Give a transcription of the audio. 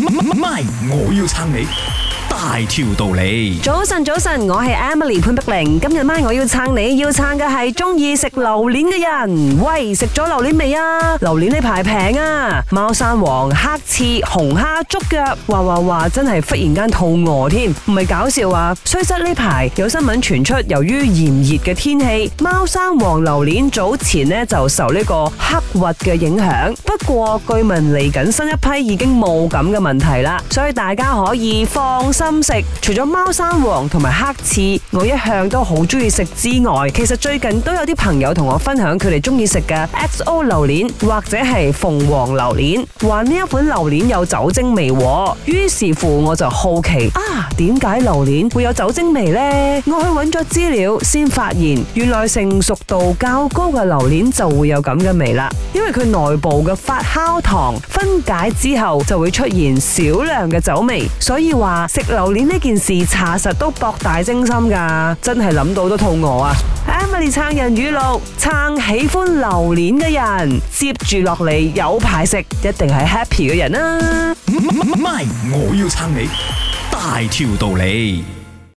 MY，我要撐你。大條道理。早晨，早晨，我係 Emily 潘碧玲。今日晚我要撐你，要撐嘅係中意食榴蓮嘅人。喂，食咗榴蓮未啊？榴蓮呢排平啊。貓山王、黑刺、紅蝦、竹腳，哇哇哇真係忽然間肚餓添，唔係搞笑啊！雖則呢排有新聞傳出，由於炎熱嘅天氣，貓山王榴蓮早前呢就受呢個黑滑嘅影響。不過據聞嚟緊新一批已經冇咁嘅問題啦，所以大家可以放心。食除咗貓山王同埋黑刺，我一向都好中意食之外，其實最近都有啲朋友同我分享佢哋中意食嘅 XO 榴蓮或者係鳳凰榴蓮，話呢一款榴蓮有酒精味。於是乎我就好奇啊，點解榴蓮會有酒精味呢？我去搵咗資料先發現，原來成熟度較高嘅榴蓮就會有咁嘅味啦，因為佢內部嘅發酵糖分解之後就會出現少量嘅酒味，所以話食。榴蓮呢件事查實都博大精深噶，真係諗到都肚餓啊！Emily 撐人語錄，撐喜歡榴蓮嘅人，接住落嚟有排食，一定係 happy 嘅人啊。唔係，我要撐你，大條道理。